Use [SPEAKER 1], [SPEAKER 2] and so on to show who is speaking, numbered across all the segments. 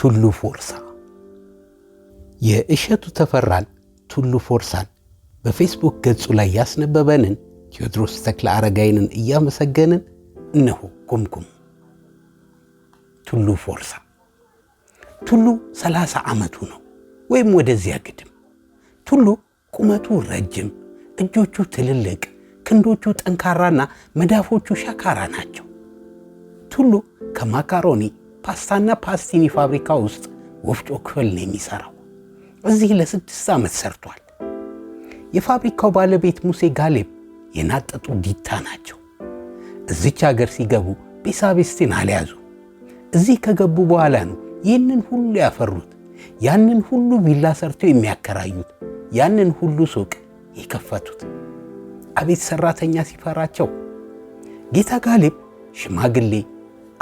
[SPEAKER 1] ቱሉ ፎርሳ የእሸቱ ተፈራን ቱሉ ፎርሳን በፌስቡክ ገጹ ላይ ያስነበበንን ቴዎድሮስ ተክለ አረጋይንን እያመሰገንን እነሆ ቁምቁም ቱሉ ፎርሳ። ቱሉ 30 ዓመቱ ነው ወይም ወደዚያ ግድም። ቱሉ ቁመቱ ረጅም፣ እጆቹ ትልልቅ፣ ክንዶቹ ጠንካራና መዳፎቹ ሻካራ ናቸው። ቱሉ ከማካሮኒ ፓስታና ፓስቲኒ ፋብሪካ ውስጥ ወፍጮ ክፍል ነው የሚሰራው። እዚህ ለስድስት ዓመት ሰርቷል። የፋብሪካው ባለቤት ሙሴ ጋሌብ የናጠጡ ዲታ ናቸው። እዚች ሀገር ሲገቡ ቤሳቤስቴን አልያዙ። እዚህ ከገቡ በኋላ ነው ይህንን ሁሉ ያፈሩት፣ ያንን ሁሉ ቪላ ሰርተው የሚያከራዩት፣ ያንን ሁሉ ሱቅ የከፈቱት። አቤት ሰራተኛ ሲፈራቸው! ጌታ ጋሌብ ሽማግሌ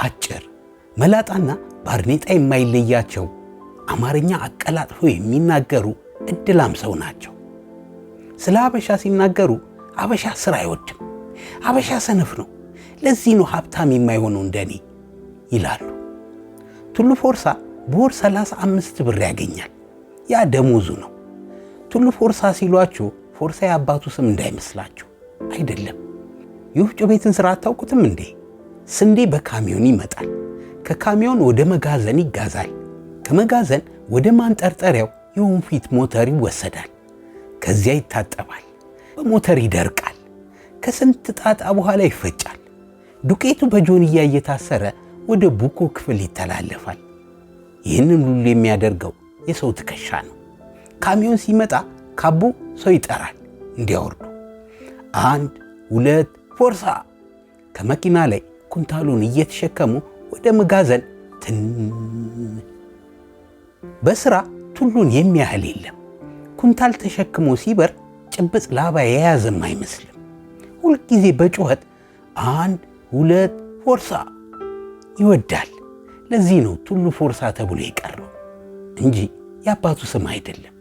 [SPEAKER 1] አጭር መላጣና ባርኔጣ የማይለያቸው አማርኛ አቀላጥፈው የሚናገሩ እድላም ሰው ናቸው። ስለ አበሻ ሲናገሩ አበሻ ስራ አይወድም፣ አበሻ ሰነፍ ነው፣ ለዚህ ነው ሀብታም የማይሆነው እንደኔ ይላሉ። ቱሉ ፎርሳ በወር 35 ብር ያገኛል። ያ ደሞዙ ነው። ቱሉ ፎርሳ ሲሏችሁ ፎርሳ የአባቱ ስም እንዳይመስላችሁ አይደለም። የወፍጮ ቤትን ስራ አታውቁትም እንዴ? ስንዴ በካሚዮን ይመጣል። ከካሚዮን ወደ መጋዘን ይጋዛል። ከመጋዘን ወደ ማንጠርጠሪያው የወንፊት ሞተር ይወሰዳል። ከዚያ ይታጠባል፣ በሞተር ይደርቃል። ከስንት ጣጣ በኋላ ይፈጫል። ዱቄቱ በጆንያ እየታሰረ ወደ ቡኮ ክፍል ይተላለፋል። ይህንን ሁሉ የሚያደርገው የሰው ትከሻ ነው። ካሚዮን ሲመጣ ካቦ ሰው ይጠራል እንዲያወርዱ። አንድ ሁለት ፎርሳ ከመኪና ላይ ኩንታሉን እየተሸከሙ ወደ መጋዘን ትን። በስራ ቱሉን የሚያህል የለም። ኩንታል ተሸክሞ ሲበር ጭብጥ ላባ የያዘም አይመስልም። ሁልጊዜ በጩኸት አንድ ሁለት ፎርሳ ይወዳል። ለዚህ ነው ቱሉ ፎርሳ ተብሎ የቀረው እንጂ የአባቱ ስም አይደለም።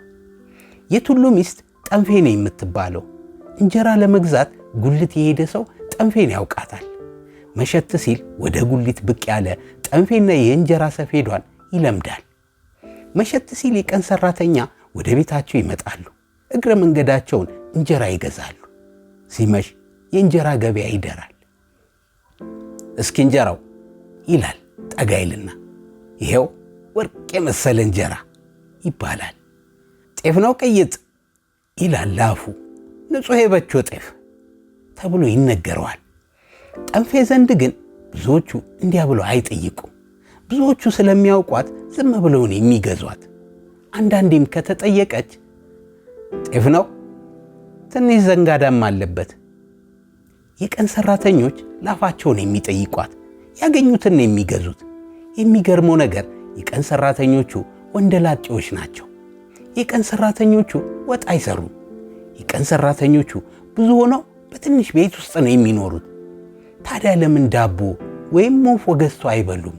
[SPEAKER 1] የቱሉ ሚስት ጠንፌ ነው የምትባለው። እንጀራ ለመግዛት ጉልት የሄደ ሰው ጠንፌን ያውቃታል። መሸት ሲል ወደ ጉሊት ብቅ ያለ ጠንፌና የእንጀራ ሰፌዷን ይለምዳል። መሸት ሲል የቀን ሰራተኛ ወደ ቤታቸው ይመጣሉ። እግረ መንገዳቸውን እንጀራ ይገዛሉ። ሲመሽ የእንጀራ ገበያ ይደራል። እስኪ እንጀራው ይላል ጠጋይልና፣ ይሄው ወርቅ የመሰለ እንጀራ ይባላል። ጤፍ ነው ቅይጥ ይላል ላፉ፣ ንጹሕ የበቾ ጤፍ ተብሎ ይነገረዋል። ጠንፌ ዘንድ ግን ብዙዎቹ እንዲያ ብሎ አይጠይቁም። ብዙዎቹ ስለሚያውቋት ዝም ብለውን የሚገዟት። አንዳንዴም ከተጠየቀች ጤፍ ነው፣ ትንሽ ዘንጋዳም አለበት። የቀን ሰራተኞች ላፋቸውን የሚጠይቋት ያገኙትን የሚገዙት። የሚገርመው ነገር የቀን ሰራተኞቹ ወንደላጤዎች ናቸው። የቀን ሰራተኞቹ ወጥ አይሰሩም። የቀን ሰራተኞቹ ብዙ ሆነው በትንሽ ቤት ውስጥ ነው የሚኖሩት። ታዲያ ለምን ዳቦ ወይም ሞፎ ገዝቶ አይበሉም?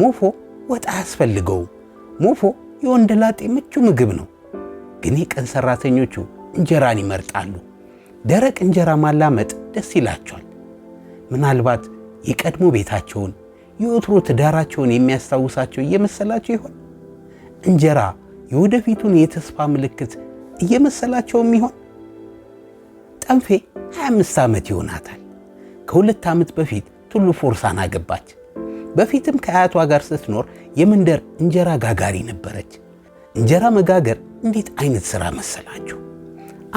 [SPEAKER 1] ሞፎ ወጥ አያስፈልገውም። ሞፎ ላጤ ምቹ ምግብ ነው። ግን የቀን ሰራተኞቹ እንጀራን ይመርጣሉ። ደረቅ እንጀራ ማላመጥ ደስ ይላቸዋል። ምናልባት የቀድሞ ቤታቸውን የወትሮ ትዳራቸውን የሚያስታውሳቸው እየመሰላቸው ይሆን? እንጀራ የወደፊቱን የተስፋ ምልክት እየመሰላቸውም ይሆን? ጠንፌ 25 ዓመት ይሆናታል። ከሁለት ዓመት በፊት ቱሉ ፎርሳን አገባች። በፊትም ከአያቷ ጋር ስትኖር የመንደር እንጀራ ጋጋሪ ነበረች። እንጀራ መጋገር እንዴት አይነት ሥራ መሰላችሁ!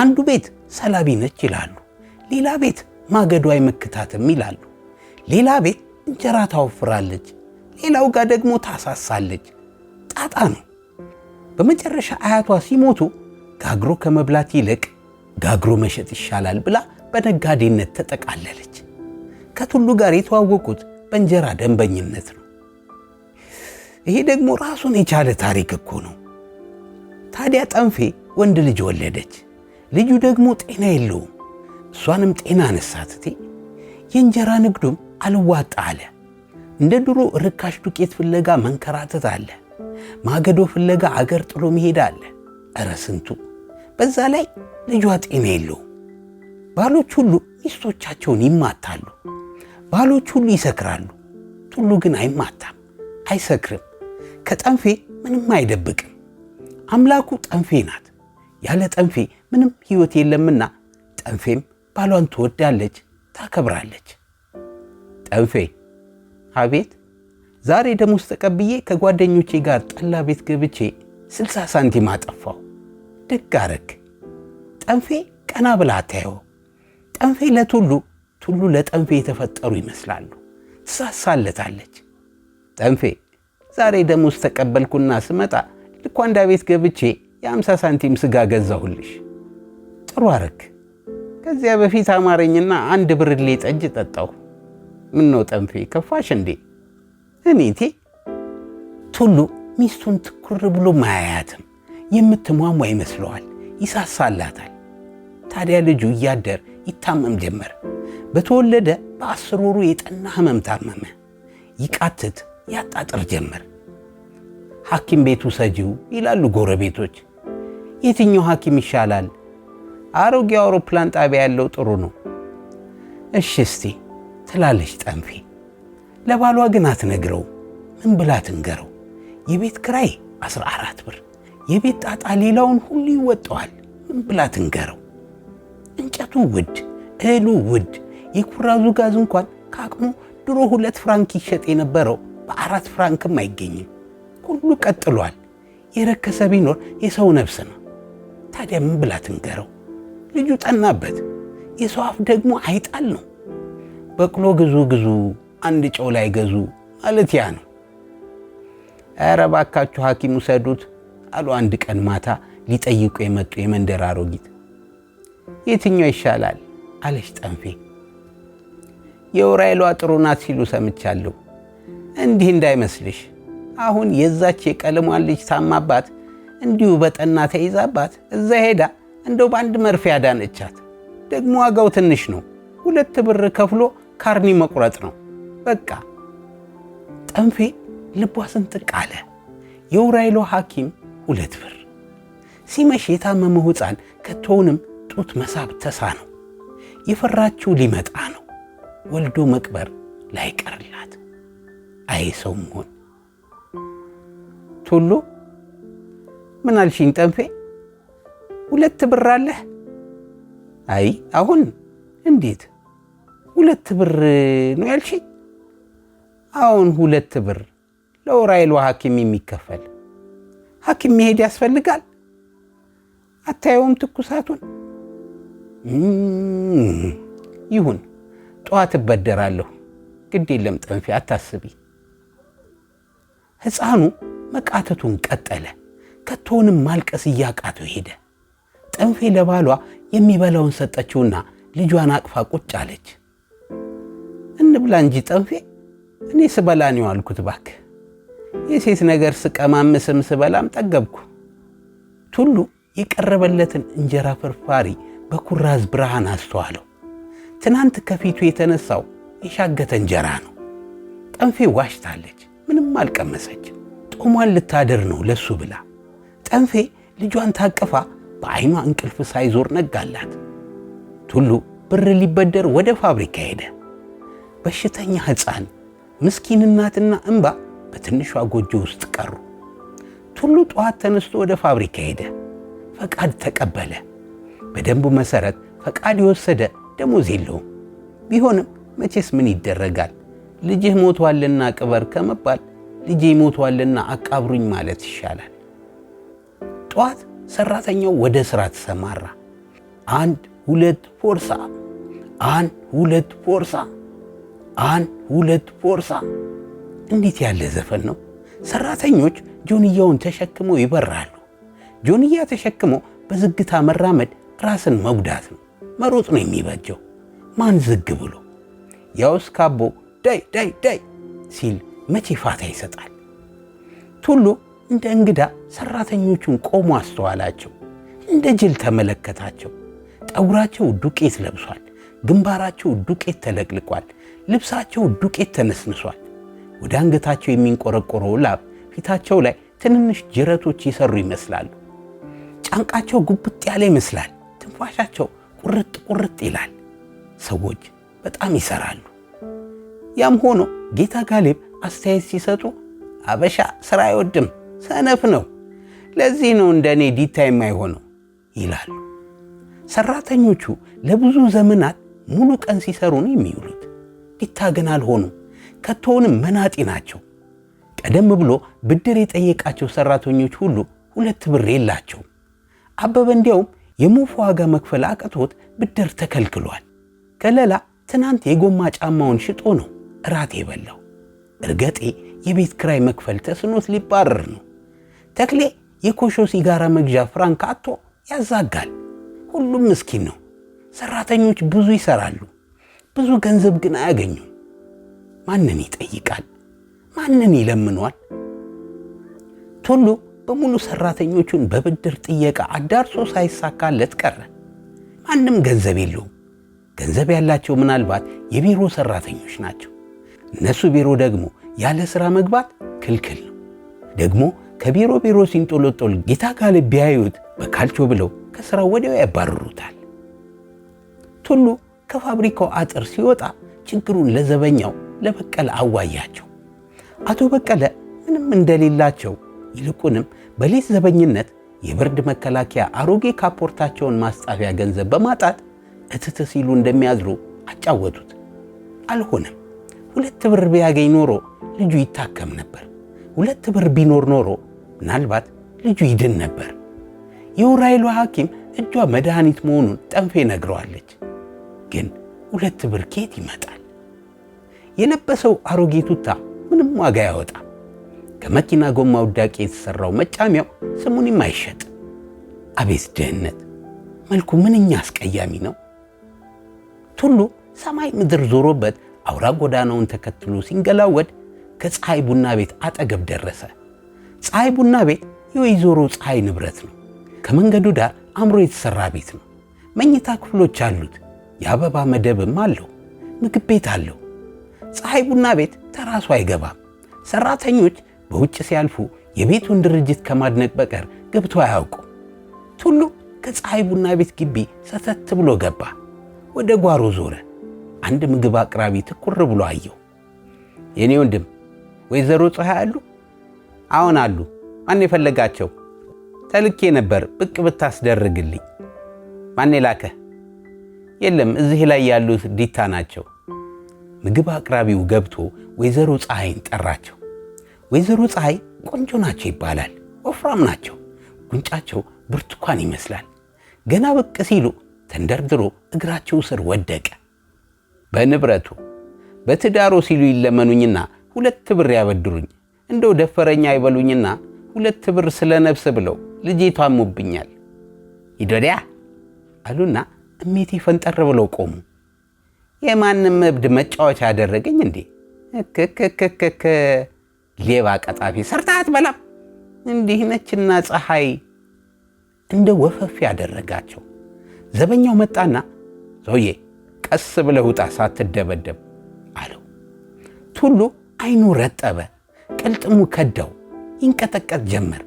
[SPEAKER 1] አንዱ ቤት ሰላቢ ነች ይላሉ፣ ሌላ ቤት ማገዶ አይመክታትም ይላሉ፣ ሌላ ቤት እንጀራ ታወፍራለች፣ ሌላው ጋር ደግሞ ታሳሳለች። ጣጣ ነው። በመጨረሻ አያቷ ሲሞቱ ጋግሮ ከመብላት ይልቅ ጋግሮ መሸጥ ይሻላል ብላ በነጋዴነት ተጠቃለለች። ሁሉ ጋር የተዋወቁት በእንጀራ ደንበኝነት ነው። ይሄ ደግሞ ራሱን የቻለ ታሪክ እኮ ነው። ታዲያ ጠንፌ ወንድ ልጅ ወለደች። ልጁ ደግሞ ጤና የለውም። እሷንም ጤና አነሳትቴ የእንጀራ ንግዱም አልዋጣ አለ። እንደ ድሮ ርካሽ ዱቄት ፍለጋ መንከራተት አለ። ማገዶ ፍለጋ አገር ጥሎ መሄድ አለ። እረ ስንቱ! በዛ ላይ ልጇ ጤና የለውም። ባሎች ሁሉ ሚስቶቻቸውን ይማታሉ። ባሎች ሁሉ ይሰክራሉ፣ ቱሉ ግን አይማታም፣ አይሰክርም፣ ከጠንፌ ምንም አይደብቅም። አምላኩ ጠንፌ ናት፣ ያለ ጠንፌ ምንም ሕይወት የለምና ጠንፌም ባሏን ትወዳለች፣ ታከብራለች። ጠንፌ አቤት፣ ዛሬ ደሞዝ ተቀብዬ ከጓደኞቼ ጋር ጠላ ቤት ገብቼ ስልሳ ሳንቲም አጠፋው። ደግ አረግ። ጠንፌ ቀና ብላ አታየው። ጠንፌ ለቱሉ ቱሉ ለጠንፌ የተፈጠሩ ይመስላሉ። ትሳሳለታለች። ጠንፌ ዛሬ ደሞዝ ተቀበልኩና ስመጣ ልኳንዳ ቤት ገብቼ የአምሳ ሳንቲም ስጋ ገዛሁልሽ። ጥሩ አረክ። ከዚያ በፊት አማረኝና አንድ ብርሌ ጠጅ ጠጣሁ። ምነው ጠንፌ ከፋሽ እንዴ? እኔቴ ቱሉ ሚስቱን ትኩር ብሎ ማያያትም የምትሟሟ ይመስለዋል። ይሳሳላታል። ታዲያ ልጁ እያደር ይታመም ጀመር። በተወለደ በአስር ወሩ የጠና ህመም ታመመ። ይቃትት ያጣጥር ጀመር። ሐኪም ቤቱ ሰጂው ይላሉ ጎረቤቶች። የትኛው ሐኪም ይሻላል? አሮጌ አውሮፕላን ጣቢያ ያለው ጥሩ ነው። እሺ እስቲ ትላለች ጠንፌ። ለባሏ ግን አትነግረው። ምን ብላ ትንገረው? የቤት ክራይ 14 ብር፣ የቤት ጣጣ ሌላውን ሁሉ ይወጠዋል? ምን ብላ ትንገረው? እንጨቱ ውድ፣ እህሉ ውድ የኩራዙ ጋዝ እንኳን ከአቅሙ ድሮ ሁለት ፍራንክ ይሸጥ የነበረው በአራት ፍራንክም አይገኝም። ሁሉ ቀጥሏል። የረከሰ ቢኖር የሰው ነፍስ ነው። ታዲያ ምን ብላ ትንገረው? ልጁ ጠናበት። የሰው አፍ ደግሞ አይጣል ነው። በቅሎ ግዙ ግዙ፣ አንድ ጨው ላይ ገዙ ማለት ያ ነው። ኧረ ባካችሁ ሐኪም ውሰዱት አሉ አንድ ቀን ማታ ሊጠይቁ የመጡ የመንደር አሮጊት። የትኛው ይሻላል አለች ጠንፌ። የውራይሏ ጥሩ ናት ሲሉ ሰምቻለሁ። እንዲህ እንዳይመስልሽ አሁን የዛች የቀለሟን ልጅ ታማባት እንዲሁ በጠና ተይዛባት እዛ ሄዳ እንደው በአንድ መርፌ አዳነቻት። ደግሞ ዋጋው ትንሽ ነው፣ ሁለት ብር ከፍሎ ካርኒ መቁረጥ ነው በቃ። ጠንፌ ልቧ ስንጥቅ አለ። የውራይሎ ሐኪም ሁለት ብር። ሲመሽ የታመመው ሕፃን ከቶውንም ጡት መሳብ ነው። የፈራችው ሊመጣ ነው። ወልዶ መቅበር ላይቀርላት አይ ሰው መሆን ቶሎ ምን አልሽኝ ጠንፌ ሁለት ብር አለህ አይ አሁን እንዴት ሁለት ብር ነው ያልሽኝ አሁን ሁለት ብር ለወራይሉ ሐኪም የሚከፈል ሐኪም መሄድ ያስፈልጋል አታየውም ትኩሳቱን ይሁን ጠዋት እበደራለሁ፣ ግድ የለም ጥንፌ አታስቢ። ሕፃኑ መቃተቱን ቀጠለ። ከቶውንም ማልቀስ እያቃተው ሄደ። ጥንፌ ለባሏ የሚበላውን ሰጠችውና ልጇን አቅፋ ቁጭ አለች። እንብላ እንጂ ጥንፌ፣ እኔ ስበላ ነው አልኩት። ባክ የሴት ነገር ስቀማምስም ስበላም ጠገብኩ። ቱሉ የቀረበለትን እንጀራ ፍርፋሪ በኩራዝ ብርሃን አስተዋለው። ትናንት ከፊቱ የተነሳው የሻገተ እንጀራ ነው። ጠንፌ ዋሽታለች፣ ምንም አልቀመሰች። ጦሟን ልታደር ነው ለሱ ብላ። ጠንፌ ልጇን ታቅፋ በዓይኗ እንቅልፍ ሳይዞር ነጋላት። ቱሉ ብር ሊበደር ወደ ፋብሪካ ሄደ። በሽተኛ ሕፃን ምስኪን እናትና በትንሿ ጎጆ ውስጥ ቀሩ። ቱሉ ጠዋት ተነስቶ ወደ ፋብሪካ ሄደ። ፈቃድ ተቀበለ። በደንቡ መሠረት ፈቃድ የወሰደ ደሞዝ የለውም። ቢሆንም መቼስ ምን ይደረጋል፣ ልጅህ ሞቷልና ቅበር ከመባል ልጄ ሞቷልና አቃብሩኝ ማለት ይሻላል። ጠዋት ሰራተኛው ወደ ስራ ተሰማራ። አንድ ሁለት ፎርሳ፣ አንድ ሁለት ፎርሳ፣ አንድ ሁለት ፎርሳ። እንዴት ያለ ዘፈን ነው! ሰራተኞች ጆንያውን ተሸክመው ይበራሉ። ጆንያ ተሸክሞ በዝግታ መራመድ ራስን መጉዳት ነው። መሮጥ ነው የሚበጀው። ማን ዝግ ብሎ ያውስ ካቦ ዳይ ዳይ ዳይ ሲል መቼ ፋታ ይሰጣል? ቱሉ እንደ እንግዳ ሰራተኞቹን ቆሞ አስተዋላቸው። እንደ ጅል ተመለከታቸው። ጠጉራቸው ዱቄት ለብሷል። ግንባራቸው ዱቄት ተለቅልቋል። ልብሳቸው ዱቄት ተነስንሷል። ወደ አንገታቸው የሚንቆረቆረው ላብ ፊታቸው ላይ ትንንሽ ጅረቶች የሰሩ ይመስላሉ። ጫንቃቸው ጉብጥ ያለ ይመስላል። ትንፋሻቸው ቁርጥ ቁርጥ ይላል። ሰዎች በጣም ይሰራሉ። ያም ሆኖ ጌታ ጋሊብ አስተያየት ሲሰጡ አበሻ ስራ አይወድም፣ ሰነፍ ነው፣ ለዚህ ነው እንደ እኔ ዲታ የማይሆነው ይላሉ። ሰራተኞቹ ለብዙ ዘመናት ሙሉ ቀን ሲሰሩ ነው የሚውሉት። ዲታ ግን አልሆኑም፣ ከቶውንም መናጢ ናቸው። ቀደም ብሎ ብድር የጠየቃቸው ሰራተኞች ሁሉ ሁለት ብር የላቸውም። አበበ እንዲያውም የሞፍ ዋጋ መክፈል አቅቶት ብድር ተከልክሏል። ከለላ ትናንት የጎማ ጫማውን ሽጦ ነው እራት የበላው። እርገጤ የቤት ክራይ መክፈል ተስኖት ሊባረር ነው። ተክሌ የኮሾ ሲጋራ መግዣ ፍራንክ አጥቶ ያዛጋል። ሁሉም ምስኪን ነው። ሰራተኞች ብዙ ይሰራሉ፣ ብዙ ገንዘብ ግን አያገኙም። ማንን ይጠይቃል? ማንን ይለምኗል? ቱሉ በሙሉ ሰራተኞቹን በብድር ጥየቃ አዳርሶ ሳይሳካለት ቀረ። ማንም ገንዘብ የለውም። ገንዘብ ያላቸው ምናልባት የቢሮ ሰራተኞች ናቸው። እነሱ ቢሮ ደግሞ ያለ ሥራ መግባት ክልክል ነው። ደግሞ ከቢሮ ቢሮ ሲንጦሎጦል ጌታ ካል ቢያዩት በካልቾ ብለው ከሥራ ወዲያው ያባርሩታል። ቱሉ ከፋብሪካው አጥር ሲወጣ ችግሩን ለዘበኛው ለበቀለ አዋያቸው። አቶ በቀለ ምንም እንደሌላቸው ይልቁንም በሌት ዘበኝነት የብርድ መከላከያ አሮጌ ካፖርታቸውን ማስጣፊያ ገንዘብ በማጣት እትት ሲሉ እንደሚያዝሩ አጫወቱት። አልሆነም። ሁለት ብር ቢያገኝ ኖሮ ልጁ ይታከም ነበር። ሁለት ብር ቢኖር ኖሮ ምናልባት ልጁ ይድን ነበር። የውራይሉ ሐኪም እጇ መድኃኒት መሆኑን ጠንፌ ነግረዋለች። ግን ሁለት ብር ኬት ይመጣል? የለበሰው አሮጌ ቱታ ምንም ዋጋ ያወጣ ከመኪና ጎማ ውዳቄ የተሰራው መጫሚያው ስሙን የማይሸጥ አቤት ድህነት! መልኩ ምንኛ አስቀያሚ ነው! ቱሉ ሰማይ ምድር ዞሮበት አውራ ጎዳናውን ተከትሎ ሲንገላወድ ከፀሐይ ቡና ቤት አጠገብ ደረሰ። ፀሐይ ቡና ቤት የወይዘሮ ፀሐይ ንብረት ነው። ከመንገዱ ዳር አምሮ የተሰራ ቤት ነው። መኝታ ክፍሎች አሉት። የአበባ መደብም አለው። ምግብ ቤት አለው። ፀሐይ ቡና ቤት ተራሱ አይገባም። ሰራተኞች በውጭ ሲያልፉ የቤቱን ድርጅት ከማድነቅ በቀር ገብቶ አያውቁ። ቱሉ ከፀሐይ ቡና ቤት ግቢ ሰተት ብሎ ገባ። ወደ ጓሮ ዞረ። አንድ ምግብ አቅራቢ ትኩር ብሎ አየው። የእኔ ወንድም ወይዘሮ ፀሐይ አሉ? አዎን አሉ። ማን የፈለጋቸው? ተልኬ ነበር ብቅ ብታስደርግልኝ። ማን የላከ? የለም እዚህ ላይ ያሉት ዲታ ናቸው። ምግብ አቅራቢው ገብቶ ወይዘሮ ፀሐይን ጠራቸው። ወይዘሮ ፀሐይ ቆንጆ ናቸው ይባላል። ወፍራም ናቸው። ጉንጫቸው ብርቱካን ይመስላል። ገና ብቅ ሲሉ ተንደርድሮ እግራቸው ስር ወደቀ። በንብረቱ በትዳሮ ሲሉ ይለመኑኝና ሁለት ብር ያበድሩኝ እንደው ደፈረኛ አይበሉኝና ሁለት ብር ስለ ነፍስ ብለው ልጄ ታሙብኛል ይዶዲያ አሉና እሜቴ ፈንጠር ብለው ቆሙ። የማንም እብድ መጫወቻ ያደረገኝ እንዴ እክክክክክ ሌባ ቀጣፊ ሰርታ አትበላም። እንዲህ ነችና ፀሐይ እንደ ወፈፍ ያደረጋቸው። ዘበኛው መጣና ሰውዬ ቀስ ብለህ ውጣ ሳትደበደብ አለው። ቱሉ አይኑ ረጠበ፣ ቅልጥሙ ከዳው፣ ይንቀጠቀጥ ጀመር።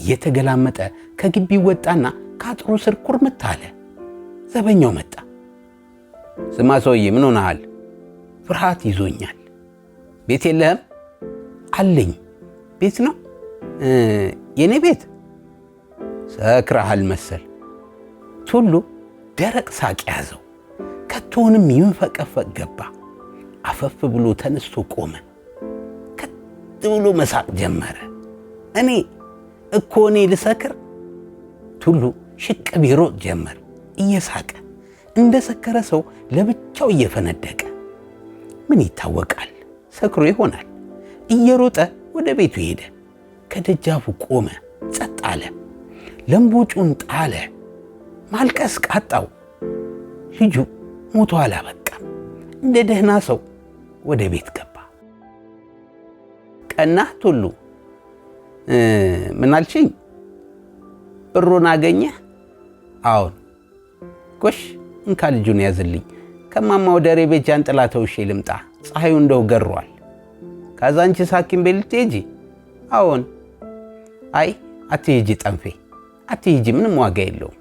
[SPEAKER 1] እየተገላመጠ ከግቢ ወጣና ከአጥሩ ስር ኩርምት አለ። ዘበኛው መጣ። ስማ ሰውዬ ምን ሆነሃል? ፍርሃት ይዞኛል። ቤት የለህም? አለኝ ቤት ነው የኔ ቤት። ሰክረሃል መሰል ቱሉ ደረቅ ሳቅ ያዘው። ከቶንም ይንፈቀፈቅ ገባ። አፈፍ ብሎ ተነስቶ ቆመ። ከት ብሎ መሳቅ ጀመረ። እኔ እኮ እኔ ልሰክር። ቱሉ ሽቅ ቢሮ ጀመር እየሳቀ እንደ ሰከረ ሰው ለብቻው እየፈነደቀ። ምን ይታወቃል፣ ሰክሮ ይሆናል። እየሮጠ ወደ ቤቱ ሄደ። ከደጃፉ ቆመ፣ ጸጥ አለ። ለምቦጩን ጣለ። ማልቀስ ቃጣው። ልጁ ሞቶ አላበቃም። እንደ ደህና ሰው ወደ ቤት ገባ። ቀና ቱሉ ምናልሽኝ? ብሩን አገኘ አዎን። ጎሽ እንካ ልጁን ያዝልኝ። ከማማ ወደ ሬቤጃን ጥላ ተውሼ ልምጣ። ፀሐዩ እንደው ገሯል። ከዛ አንቺስ ሐኪም ቤት ልትሄጂ? አዎን። አይ አትሄጂ ጠንፌ፣ አትሄጂ ምንም ዋጋ የለውም።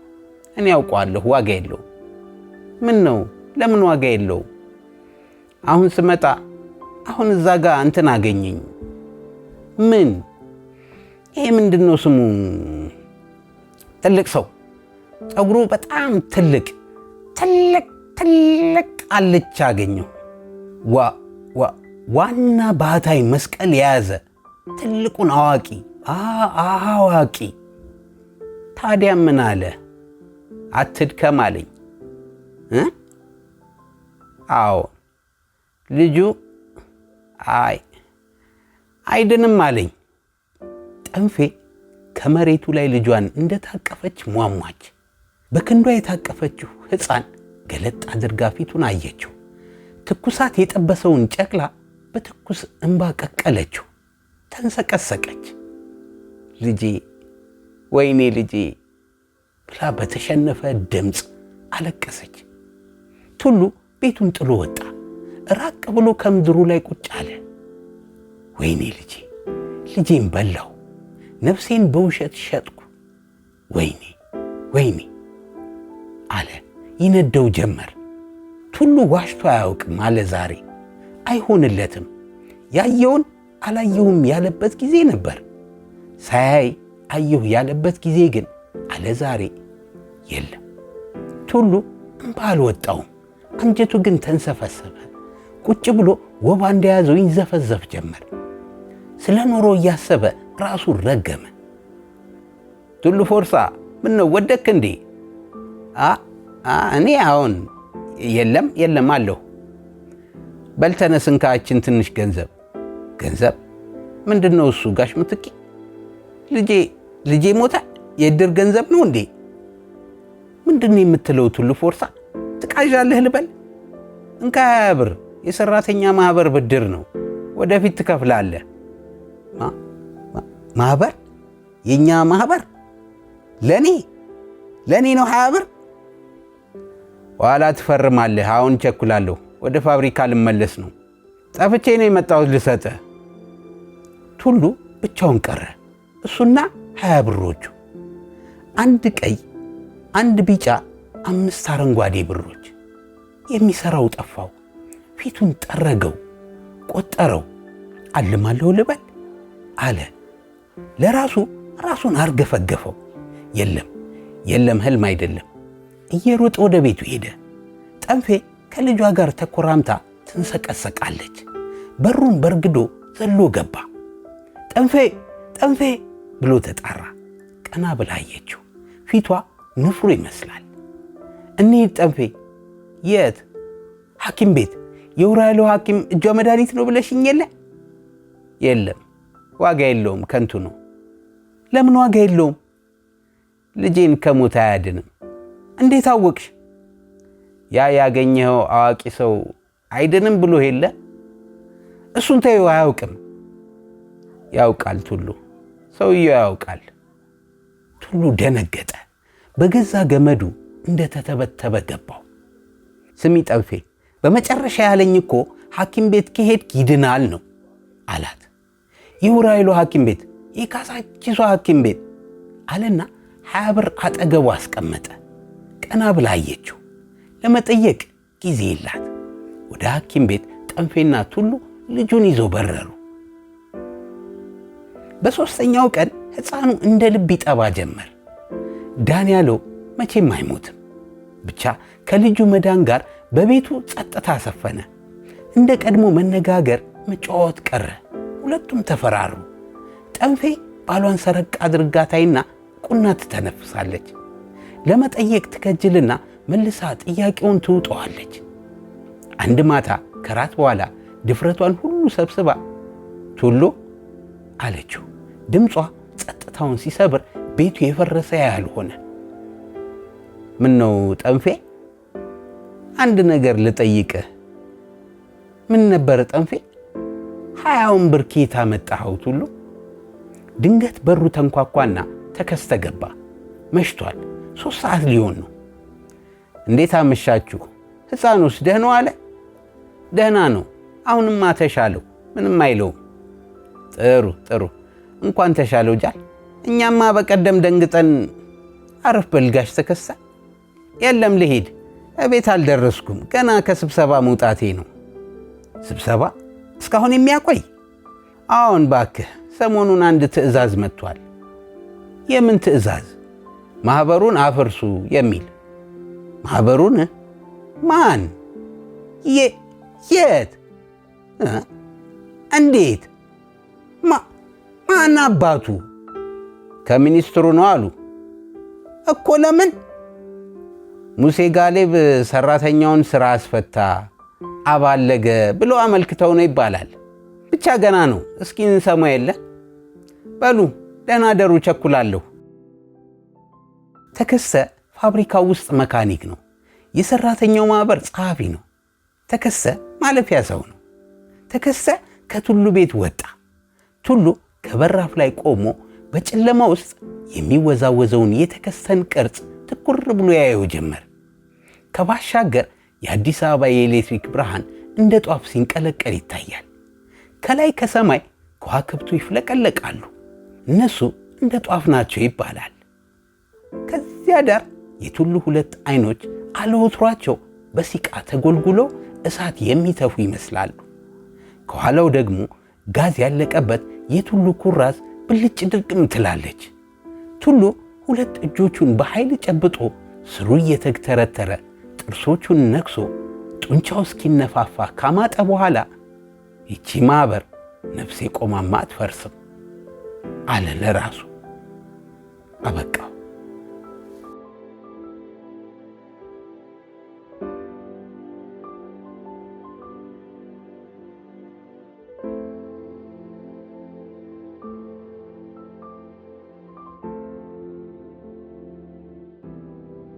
[SPEAKER 1] እኔ አውቀዋለሁ? ዋጋ የለውም። ምን ነው ለምን ዋጋ የለው? አሁን ስመጣ አሁን እዛ ጋር እንትን አገኘኝ። ምን ይሄ ምንድን ነው ስሙ? ትልቅ ሰው ፀጉሩ በጣም ትልቅ ትልቅ ትልቅ አልቻ አገኘው ዋ ዋ ዋና ባህታዊ መስቀል የያዘ ትልቁን አዋቂ አዋቂ ታዲያ ምን አለ? አትድከም አለኝ። አዎ ልጁ አይ አይድንም አለኝ። ጠንፌ ከመሬቱ ላይ ልጇን እንደታቀፈች ሟሟች። በክንዷ የታቀፈችው ሕፃን ገለጥ አድርጋ ፊቱን አየችው። ትኩሳት የጠበሰውን ጨቅላ በትኩስ እንባ ቀቀለችው። ተንሰቀሰቀች። ልጄ ወይኔ ልጄ ብላ በተሸነፈ ድምፅ አለቀሰች። ቱሉ ቤቱን ጥሎ ወጣ። ራቅ ብሎ ከምድሩ ላይ ቁጭ አለ። ወይኔ ልጄ ልጄን በላው፣ ነፍሴን በውሸት ሸጥኩ፣ ወይኔ ወይኔ አለ። ይነደው ጀመር። ቱሉ ዋሽቶ አያውቅም አለ ዛሬ አይሆንለትም። ያየውን አላየሁም ያለበት ጊዜ ነበር። ሳያይ አየሁ ያለበት ጊዜ ግን አለ ዛሬ የለም። ቱሉ እምባ አልወጣውም፣ አንጀቱ ግን ተንሰፈሰፈ። ቁጭ ብሎ ወባ እንደያዘው ይንዘፈዘፍ ጀመር። ስለ ኖሮ እያሰበ ራሱ ረገመ። ቱሉ ፎርሳ ምነው ወደክ እንዴ? እኔ አሁን የለም የለም አለሁ በልተነስ እንካችን ትንሽ ገንዘብ ገንዘብ ምንድን ነው እሱ? ጋሽ ምትኪ ልጄ ልጄ ሞታ የእድር ገንዘብ ነው እንዴ? ምንድን ነው የምትለው? ቱሉ ፎርሳ ትቃዣለህ ልበል? እንካ ሀያ ብር የሰራተኛ ማህበር ብድር ነው፣ ወደፊት ትከፍላለህ። ማህበር የእኛ ማህበር ለእኔ ለእኔ ነው ሀያ ብር? ኋላ ትፈርማለህ። አሁን ቸኩላለሁ። ወደ ፋብሪካ ልመለስ ነው። ጠፍቼ ነው የመጣሁት ልሰጠ። ቱሉ ብቻውን ቀረ፣ እሱና ሀያ ብሮቹ። አንድ ቀይ፣ አንድ ቢጫ፣ አምስት አረንጓዴ ብሮች። የሚሰራው ጠፋው። ፊቱን ጠረገው፣ ቆጠረው። አልማለሁ ልበል አለ ለራሱ። ራሱን አርገፈገፈው። የለም የለም፣ ህልም አይደለም። እየሮጠ ወደ ቤቱ ሄደ። ጠንፌ ከልጇ ጋር ተኮራምታ ትንሰቀሰቃለች። በሩን በርግዶ ዘሎ ገባ። ጠንፌ ጠንፌ ብሎ ተጣራ። ቀና ብላ አየችው። ፊቷ ንፍሩ ይመስላል። እንሂድ ጠንፌ። የት? ሐኪም ቤት። ያለው ሐኪም እጇ መድኃኒት ነው ብለሽኝ የለ? የለም፣ ዋጋ የለውም፣ ከንቱ ነው። ለምን ዋጋ የለውም? ልጄን ከሞት አያድንም። እንዴት አወቅሽ? ያ ያገኘኸው አዋቂ ሰው አይድንም ብሎ የለ እሱን ተይው፣ አያውቅም። ያውቃል ቱሉ፣ ሰውየው ያውቃል። ቱሉ ደነገጠ። በገዛ ገመዱ እንደተተበተበ ገባው። ስሚ ጠንፌ፣ በመጨረሻ ያለኝ እኮ ሐኪም ቤት ከሄድክ ይድናል ነው አላት። የውራይሉ ሐኪም ቤት የካሳቺሷ ሐኪም ቤት አለና ሀያ ብር አጠገቡ አስቀመጠ። ቀና ብላ አየችው። ለመጠየቅ ጊዜ የላት። ወደ ሐኪም ቤት ጠንፌና ቱሉ ልጁን ይዞ በረሩ። በሦስተኛው ቀን ሕፃኑ እንደ ልብ ይጠባ ጀመር። ዳን ያለው መቼም አይሞትም። ብቻ ከልጁ መዳን ጋር በቤቱ ጸጥታ ሰፈነ። እንደ ቀድሞ መነጋገር፣ መጫወት ቀረ። ሁለቱም ተፈራሩ። ጠንፌ ባሏን ሰረቅ አድርጋታይና ቁና ትተነፍሳለች። ለመጠየቅ ትከጅልና መልሳ ጥያቄውን ትውጠዋለች። አንድ ማታ ከራት በኋላ ድፍረቷን ሁሉ ሰብስባ ቱሎ አለችው። ድምጿ ጸጥታውን ሲሰብር ቤቱ የፈረሰ ያህል ሆነ። ምን ነው ጠንፌ፣ አንድ ነገር ልጠይቅህ። ምን ነበር ጠንፌ? ሀያውን ብር ከየት አመጣኸው? ቱሉ ድንገት በሩ ተንኳኳና ተከስተ ገባ። መሽቷል። ሶስት ሰዓት ሊሆን ነው። እንዴት አመሻችሁ? ሕፃኑስ ደህና አለ? ደህና ነው። አሁንማ ተሻለው፣ ምንም አይለውም። ጥሩ ጥሩ፣ እንኳን ተሻለው ጃል። እኛማ በቀደም ደንግጠን አረፍ በልጋሽ ተከሳ። የለም ልሄድ፣ እቤት አልደረስኩም። ገና ከስብሰባ መውጣቴ ነው። ስብሰባ እስካሁን የሚያቆይ? አዎን ባክህ፣ ሰሞኑን አንድ ትዕዛዝ መጥቷል። የምን ትዕዛዝ? ማኅበሩን አፍርሱ የሚል ማህበሩን ማን የት እንዴት ማን አባቱ ከሚኒስትሩ ነው አሉ እኮ ለምን ሙሴ ጋሌብ ሰራተኛውን ስራ አስፈታ አባለገ ብሎ አመልክተው ነው ይባላል ብቻ ገና ነው እስኪ እንሰማ የለ በሉ ደህና ደሩ ቸኩላለሁ ተከሰ ፋብሪካ ውስጥ መካኒክ ነው። የሰራተኛው ማህበር ጸሐፊ ነው። ተከሰ ማለፊያ ሰው ነው። ተከሰ ከቱሉ ቤት ወጣ። ቱሉ ከበራፍ ላይ ቆሞ በጨለማ ውስጥ የሚወዛወዘውን የተከሰን ቅርጽ ትኩር ብሎ ያየው ጀመር። ከባሻገር የአዲስ አበባ የኤሌክትሪክ ብርሃን እንደ ጧፍ ሲንቀለቀል ይታያል። ከላይ ከሰማይ ከዋክብቱ ይፍለቀለቃሉ። እነሱ እንደ ጧፍ ናቸው ይባላል። ከዚያ ዳር የቱሉ ሁለት አይኖች አለወትሯቸው በሲቃ ተጎልጉለው እሳት የሚተፉ ይመስላሉ። ከኋላው ደግሞ ጋዝ ያለቀበት የቱሉ ኩራዝ ብልጭ ድርቅም ትላለች። ቱሉ ሁለት እጆቹን በኃይል ጨብጦ ስሩ እየተግተረተረ ጥርሶቹን ነክሶ ጡንቻው እስኪነፋፋ ካማጠ በኋላ ይቺ ማኅበር ነፍሴ ቆማማ አትፈርስም አለ ለራሱ። አበቃ።